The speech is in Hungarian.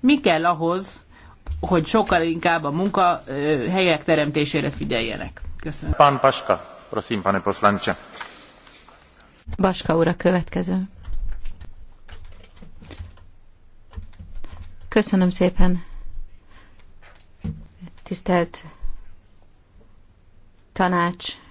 Mi kell ahhoz, hogy sokkal inkább a munkahelyek teremtésére figyeljenek? Köszönöm. Pán Paska, prosím, pane poslanče. Baska úr a következő. Köszönöm szépen. Tisztelt tanács,